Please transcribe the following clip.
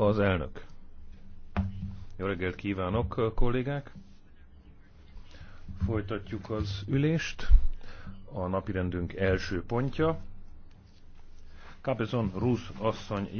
Az elnök. Jó reggelt kívánok, kollégák! Folytatjuk az ülést. A napirendünk első pontja. Capezon Rusz asszony